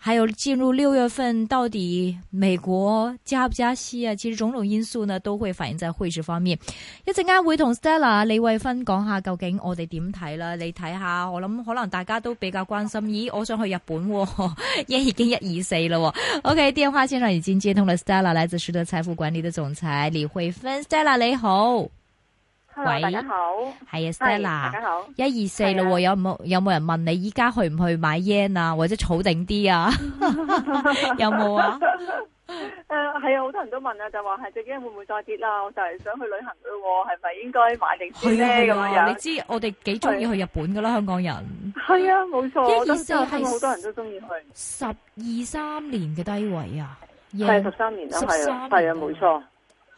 還有進入六月份，到底美國加不加息啊？其實種種因素呢，都會反映在匯市方面。一陣間會同 Stella 李慧芬講下，究竟我哋點睇啦？你睇下，我諗可能大家都比較關心。咦，我想去日本、哦，一 已經一二四了、哦。喎。OK，電話線上已經接通了。Stella 來自實德財富管理的總裁李慧芬，Stella 你好。喂，大家好，係啊，Stella，大家好，一二四咯，有冇有冇人問你依家去唔去買 yen 啊，或者儲定啲啊？有冇啊？誒，係啊，好多人都問啊，就話係最近會唔會再跌啊？我就係想去旅行咯，係咪應該買定啲咧？咁你知我哋幾中意去日本噶啦，香港人。係啊，冇錯。我諗真係好多人都中意去。十二三年嘅低位啊係十三年啦。係啊，係啊，冇錯，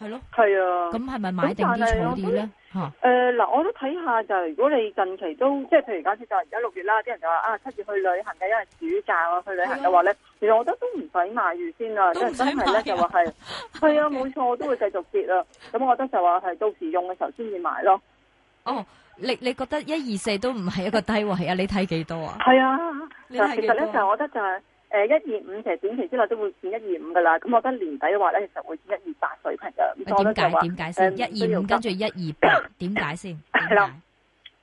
係咯，係啊。咁係咪買定啲儲啲咧？誒，嗱、啊呃，我都睇下就係，如果你近期都即係，就是、譬如假設就係而家六月啦，啲人就話啊七月去旅行嘅，因為暑假啊去旅行嘅話咧，其實我覺得都唔使買住先啦。都唔使買嘅。就話係，係啊，冇錯，我都會繼續跌啊。咁我覺得就話係到時用嘅時候先至買咯。哦，你你覺得一二四都唔係一個低位啊？你睇幾多啊？係啊，啊其實咧就，我覺得就係誒一二五，呃、1, 2, 5, 其實短期之內都會見一二五噶啦。咁我覺得年底嘅話咧，其實會見一二八水平。點解？點解先？一二五跟住一二八，點解先？係啦，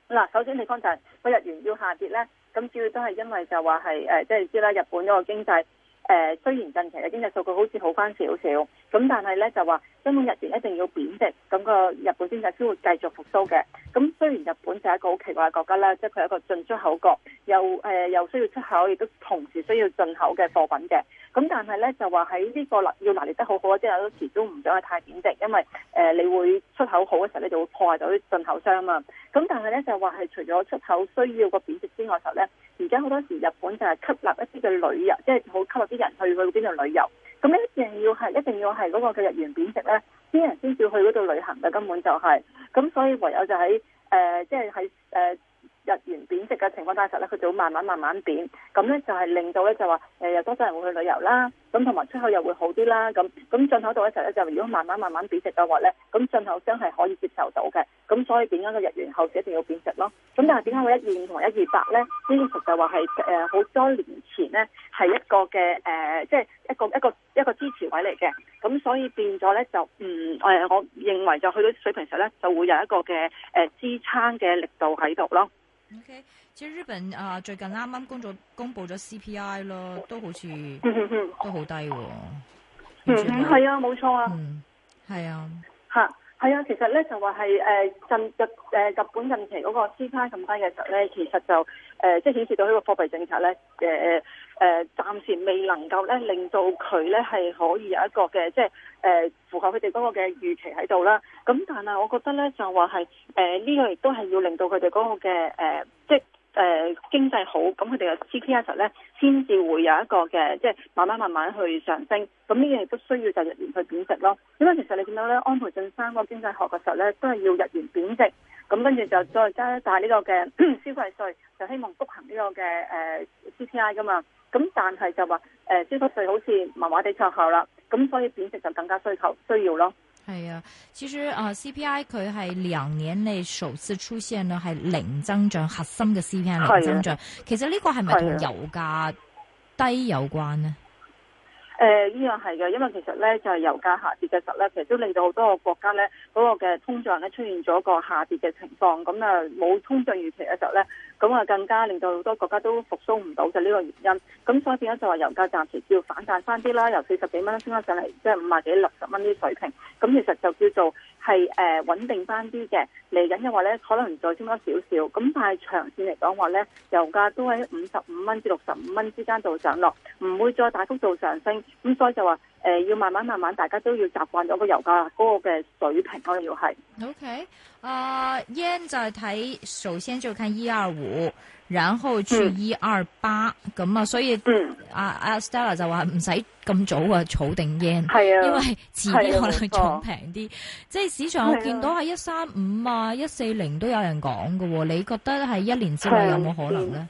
嗱，首先你剛才日元要下跌咧，咁主要都係因為就話係誒，即係知啦，日本嗰個經濟誒，雖然近期嘅經濟數據好似好翻少少。咁但係咧就話，根本日元一定要貶值，咁個日本經濟先會繼續復甦嘅。咁雖然日本就係一個好奇怪嘅國家啦，即係佢一個進出口國，又、呃、又需要出口，亦都同時需要進口嘅貨品嘅。咁但係咧就話喺呢個要拿捏得好好啊，即係有時都唔想太貶值，因為誒、呃、你會出口好嘅時候，你就會破壞到啲進口商啊嘛。咁但係咧就話係除咗出口需要個貶值之外嘅時候咧，而家好多時日本就係吸納一啲嘅旅遊，即係好吸納啲人去去邊度旅遊。咁呢一定要係一定要係嗰個嘅日元貶值咧，啲人先至去嗰度旅行嘅，根本就係、是，咁所以唯有就喺誒即係喺誒日元貶值嘅情況底下實咧，佢就會慢慢慢慢貶，咁咧就係令到咧就話誒有多啲人會去旅遊啦。咁同埋出口又會好啲啦，咁咁進口到嘅時候咧，就如果慢慢慢慢貶值嘅話咧，咁進口商係可以接受到嘅，咁所以點解個日元後市一定要貶值咯？咁但係點解會一二五同埋一二八咧，呢個就話係好多年前咧係一個嘅即係一個一個一個，一個支持位嚟嘅，咁所以變咗咧就唔、嗯呃，我認為就去到水平時咧就會有一個嘅、呃、支撐嘅力度喺度咯。O K，即係日本啊，最近啱啱公咗公布咗 C P I 咯，都好似、嗯、哼都好低喎。嗯，啊冇錯啊、嗯，係啊，冇錯啊，係啊，吓，係啊，其實咧就話係誒近日誒日本近期嗰個 C P I 咁低嘅時候咧，其實就誒、呃、即係顯示到呢個貨幣政策咧誒誒。呃誒，暫、呃、時未能夠咧，令到佢咧係可以有一個嘅，即係誒、呃，符合佢哋嗰個嘅預期喺度啦。咁但係我覺得咧，就話係誒呢個亦都係要令到佢哋嗰個嘅誒、呃，即係誒、呃、經濟好，咁佢哋嘅 CPI 時候咧，先至會有一個嘅，即係慢慢慢慢去上升。咁呢樣亦都需要就日元去貶值咯。因為其實你見到咧，安倍晉三個經濟學嘅時候咧，都係要日元貶值，咁跟住就再加一呢個嘅消費稅，就希望促行呢個嘅誒 CPI 噶嘛。咁但係就話，誒、呃，消費稅好似麻麻地湊效啦，咁所以貶值就更加需求需要咯。係啊，至於啊 CPI 佢係兩年內首次出現咧係零增長，核心嘅 CPI 零增長，的其實呢個係咪同油價低有關呢？誒，呢樣係嘅，因為其實咧就係、是、油價下跌嘅時候咧，其實都令到好多個國家咧嗰、那個嘅通脹咧出現咗個下跌嘅情況，咁啊冇通脹預期嘅時候咧，咁啊，更加令到好多國家都復甦唔到嘅呢個原因。咁所以變咗就話油價暫時要反彈翻啲啦，由四十幾蚊升翻上嚟，即係五啊幾六十蚊啲水平。咁其實就叫做係誒穩定翻啲嘅。嚟緊嘅話咧，可能再升多少少。咁但係長線嚟講話咧，油價都喺五十五蚊至六十五蚊之間度上落，唔會再大幅度上升。咁所以就話。誒、呃，要慢慢慢慢，大家都要習慣咗個油價嗰個嘅水平咯，我要係。O K，啊 yen 就係睇，首先就要看一二五，然後去一二八咁啊，所以阿、啊、阿、嗯、Stella 就話唔使咁早啊，儲定 yen 係、嗯、啊，因為遲啲可能重平啲。即係市場我見到係一三五啊，一四零都有人講㗎喎，啊、你覺得係一年之內有冇可能咧、嗯？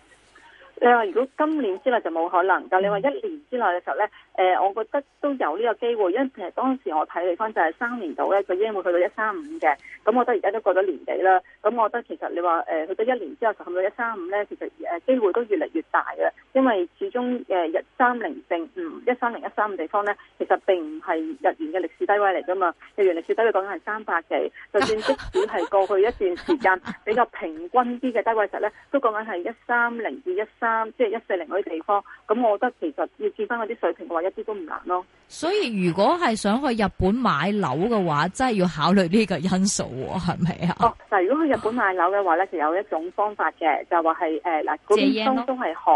你話如果今年之內就冇可能，嗯、但你話一年之內嘅時候咧？誒、呃，我覺得都有呢個機會，因為其實當時我睇地方就係三年度，咧，佢已經會去到一三五嘅。咁我覺得而家都過咗年幾啦。咁我覺得其實你話誒、呃，去到一年之後就去到一三五咧，其實誒機會都越嚟越大嘅，因為始終誒一三零定唔一三零一三五地方咧，其實並唔係日元嘅歷史低位嚟㗎嘛。日元歷史低位講緊係三百幾，就算即使係過去一段時間比較平均啲嘅低位值咧，都講緊係一三零至一三，即係一四零嗰啲地方。咁我覺得其實要見翻嗰啲水平嘅話，一啲都唔難咯，所以如果係想去日本買樓嘅話，真係要考慮呢個因素，係咪啊？哦，嗱，如果去日本買樓嘅話咧，就 有一種方法嘅，就話係誒嗱，嗰邊當中係好。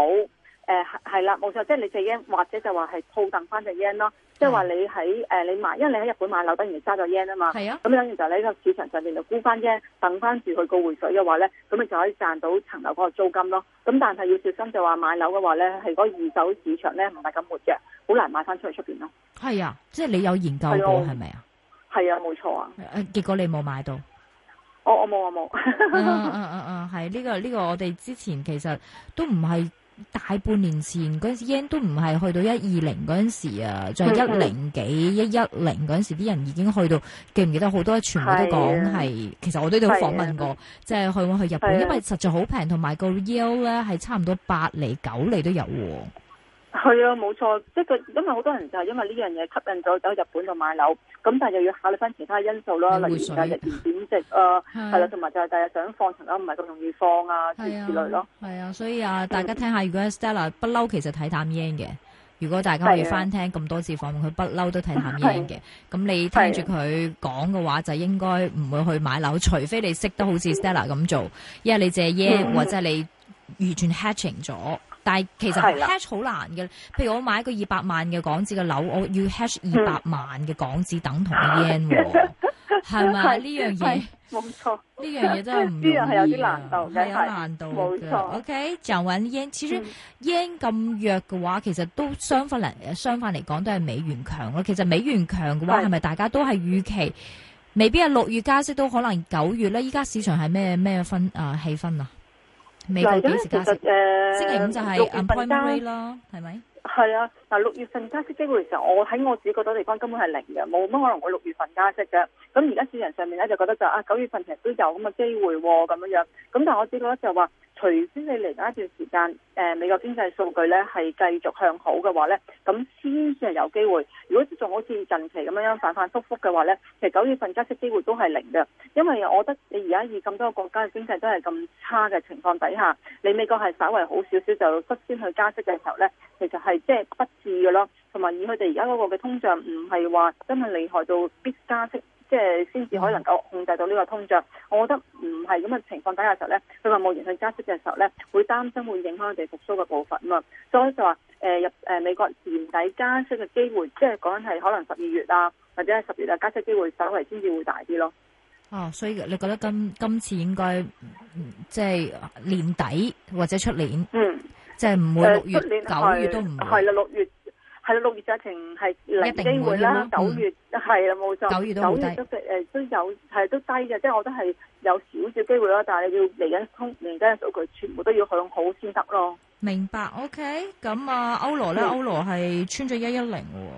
誒係啦，冇、呃、錯，即係你隻 yen 或者就話係套等翻隻 yen 咯，的即係話你喺誒、呃、你買，因為你喺日本買樓，等於揸咗 yen 啊嘛，係啊的，咁等於就喺個市場上邊就沽翻啫，等翻住去高匯水嘅話咧，咁你就可以賺到層樓嗰個租金咯。咁但係要小心，就話買樓嘅話咧，係嗰二手市場咧唔係咁活躍，好難賣翻出去出邊咯。係啊，即係你有研究過係咪啊？係啊的，冇錯啊。結果你冇買到？我我冇我冇。係呢個呢個，這個、我哋之前其實都唔係。大半年前嗰陣時，yen 都唔係去到一二零嗰陣時啊，就一零幾、一一零嗰陣時，啲人已經去到，記唔記得好多？全部都講係，Yeah. 其實我都喺度訪問過，即係 Yeah. 去唔去日本，Yeah. 因為實在好平，同埋個 yen 咧係差唔多八厘九厘都有喎。係啊，冇錯，即係因為好多人就係因為呢樣嘢吸引咗走日本度買樓，咁但係又要考慮翻其他因素咯，水例如就日元貶值啊，係啦、呃，同埋就係第日想放層樓啦，唔係咁容易放啊，諸如此類咯。係啊，啊，所以啊，大家聽下，如果 Stella 不嬲，其實睇淡 yen 嘅。如果大家可以要翻聽咁多次訪問，佢不嬲都睇淡 yen 嘅。咁、啊、你聽住佢講嘅話，就應該唔會去買樓，啊、除非你識得好似 Stella 咁做，啊、因為你借 yen、嗯嗯、或者你預轉 hatching 咗。但係其實 hedge 好難嘅，的譬如我買一個二百萬嘅港紙嘅樓，我要 hedge 二百萬嘅港紙等同嘅 yen，係咪呢樣嘢？冇錯的，呢樣嘢真係唔容易、啊，係有啲難度，有難度的。冇錯的。錯 OK，講完 yen，始終 yen 咁弱嘅話，嗯、其實都相反嚟，相反嚟講都係美元強咯。其實美元強嘅話，係咪的大家都係預期？未必係六月加息，都可能九月咧。依家市場係咩咩分啊氣氛啊？嚟咁咧，其實誒星期五就係六月份加息係咪？係啊，嗱六月份加息機會，其實我喺我自己覺得地方根本係零嘅，冇乜可能會六月份加息嘅。咁而家市場上面咧就覺得就啊九月份成都有咁嘅機會喎、哦，咁樣樣。咁但係我自己覺得就話。除非你嚟緊一段時間，誒美國經濟數據咧係繼續向好嘅話咧，咁先至係有機會。如果仲好似近期咁樣樣反反覆覆嘅話咧，其實九月份加息機會都係零嘅，因為我覺得你而家以咁多個國家嘅經濟都係咁差嘅情況底下，你美國係稍微好少少就率先去加息嘅時候咧，其實係即係不智嘅咯。同埋以佢哋而家嗰個嘅通脹唔係話真係厲害到必加息。即係先至可能夠控制到呢個通脹，我覺得唔係咁嘅情況底下嘅時候咧，佢話冇原因加息嘅時候咧，會擔心會影響佢哋復蘇嘅部分嘛。所以就話誒入誒美國年底加息嘅機會，即係講係可能十二月啊，或者係十月啊加息機會，稍為先至會大啲咯。哦、啊，所以你覺得今今次應該即係、就是、年底或者出年，嗯，即係唔會六月、九月都唔。係啦，六月。係啦，六月疫情係嚟機會啦，九月係啦，冇錯。九月都低，都有係都低嘅，即係我覺得係有少少機會啦。但係你要嚟緊通嚟緊數據，全部都要向好先得咯。明白，OK？咁啊，歐羅咧，歐羅係穿咗一一零喎。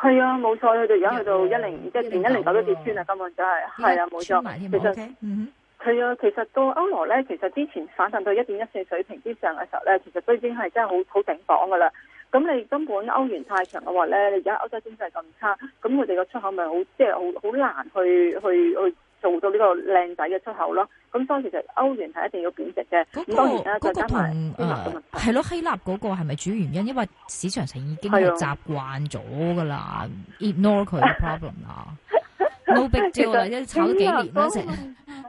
係啊，冇錯，佢哋而家去到一零，即係零一零九都跌穿啊！根本就係係啊，冇錯。其實，嗯，係啊，其實個歐羅咧，其實之前反彈到一點一四水平之上嘅時候咧，其實都已經係真係好好頂綁噶啦。咁你根本歐元太強嘅話咧，你而家歐洲經濟咁差，咁佢哋個出口咪好即係好好難去去去做到呢個靚仔嘅出口咯。咁當時就歐元係一定要貶值嘅。咁當然就個同誒係咯，希臘嗰個係咪主要原因？因為市場成已經習慣咗㗎啦，ignore 佢嘅 problem 啦，no big deal 啦，一炒咗幾年啦成，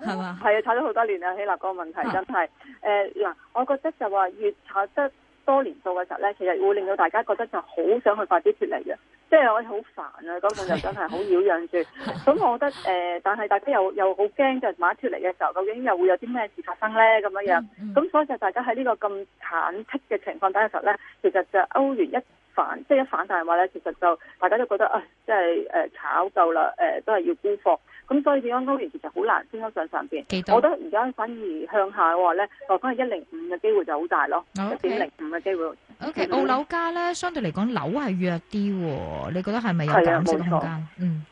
係嘛？係啊，炒咗好多年啊，希臘嗰個問題真係誒嗱，我覺得就話越炒得。多年數嘅時候咧，其實會令到大家覺得就好想去快啲脫離嘅，即係我哋好煩啊！嗰、那、種、個、就真係好擾攘住。咁 我覺得誒、呃，但係大家又又好驚，就萬一脫離嘅時候，究竟又會有啲咩事發生咧？咁樣樣。咁、 嗯嗯、所以就大家喺呢個咁忐忑嘅情況底下嘅時候咧，其實就歐元一。反即係一反彈嘅話咧，其實就大家都覺得啊，即係誒炒夠啦，誒、呃、都係要沽貨。咁所以點解歐元其實好難升得上上邊？我覺得而家反而向下嘅話咧，落翻一零五嘅機會就好大咯，一點零五嘅機會大。Okay，Okay，澳樓價咧，相對嚟講樓係弱啲喎，你覺得係咪有減息嘅空間？嗯。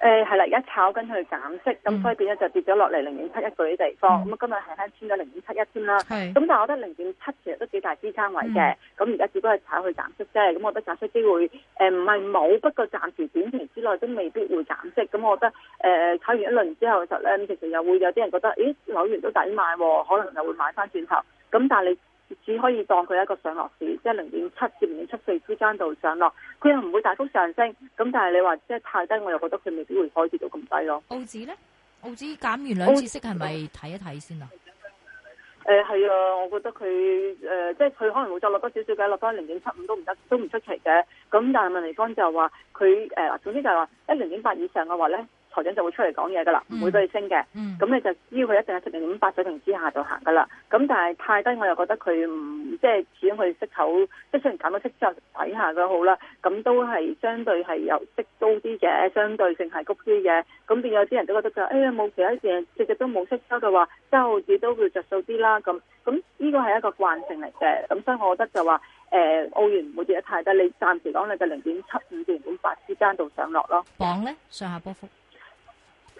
誒、係啦、嗯，而家炒緊佢減息，咁所以變咗就跌咗落嚟零點七一個啲地方，咁啊、嗯、今日係翻穿咗零點七一添啦，咁是但係我覺得零點七其實都幾大支撐位嘅，咁而家只不過係炒佢減息啫，咁我覺得減息機會誒唔係冇，呃不，嗯、不過暫時短期之內都未必會減息，咁我覺得誒、呃、炒完一輪之後嘅時候咧，其實又會有啲人覺得，咦攞完都抵買、啊，可能又會買翻轉頭，咁但係你。只可以當佢一個上落市，即係零點七至零點七四之間度上落，佢又唔會大幅上升。咁但係你話即係太低，我又覺得佢未必會開始到咁低咯。澳紙咧，澳紙減完兩次息係咪睇一睇先啊？誒係、呃、啊，我覺得佢誒、呃、即係佢可能會再落多少少嘅，落翻零點七五都唔得，都唔出奇嘅。咁但係問題方就話佢誒，總之就係話一零點八以上嘅話咧。台長、嗯嗯、就會出嚟講嘢噶啦，唔會俾你升嘅，咁你就要佢一定喺零點五八水平之下就行噶啦。咁但係太低我又覺得佢唔即係，就是、始終佢息口即係雖然減咗息之後底下佢好啦，咁都係相對係有息高啲嘅，相對性係谷啲嘅。咁仲有啲人都覺得就，哎呀冇其他事，直接都冇息收嘅話，好似都會着數啲啦。咁咁呢個係一個慣性嚟嘅，咁所以我覺得就話、呃，澳元唔會跌得太低，你暫時講你就零點七五至零點八之間度上落咯。磅咧，上下波幅。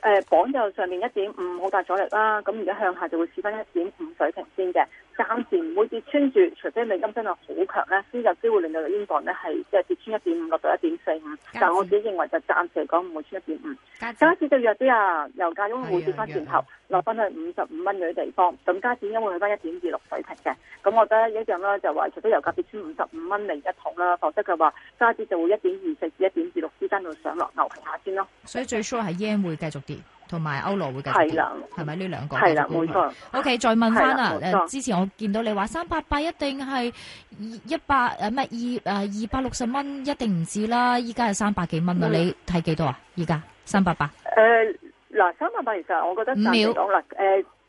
誒鎊右上面一點五好大阻力啦，咁而家向下就會試翻一點五水平先嘅。暫時唔會跌穿住，除非美金真係好強咧，先有機會令到英鎊咧係即係跌穿一點五，落到一點四五。但我自己認為就暫時嚟講唔會穿一點五。加點就弱啲啊，油價應該會跌翻轉頭落翻去五十五蚊嘅地方，咁加點應該會去翻一點二六水平嘅。咁我覺得一樣啦，就話除非油價跌穿五十五蚊零一桶啦，否則嘅話加點就會一點二四至一點二六之間度上落，牛皮下先咯。所以最 short 係 yen 會繼續跌。同埋歐羅會繼續跌，係咪呢兩個？係啦，冇錯。O、okay, K，再問翻啦！誒的，之前我見到你話三百八一定係一百誒咩二誒二百六十蚊一定唔止啦，依家係三百幾蚊啊！你睇幾多啊？依家三百八。誒嗱、呃，三百八其實我覺得暫時啦。誒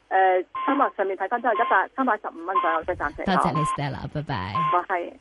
誒秒，三百、呃、上面睇翻都係一百三百十五蚊左右，即係暫時。多謝，謝你，Stella，拜拜。我、哦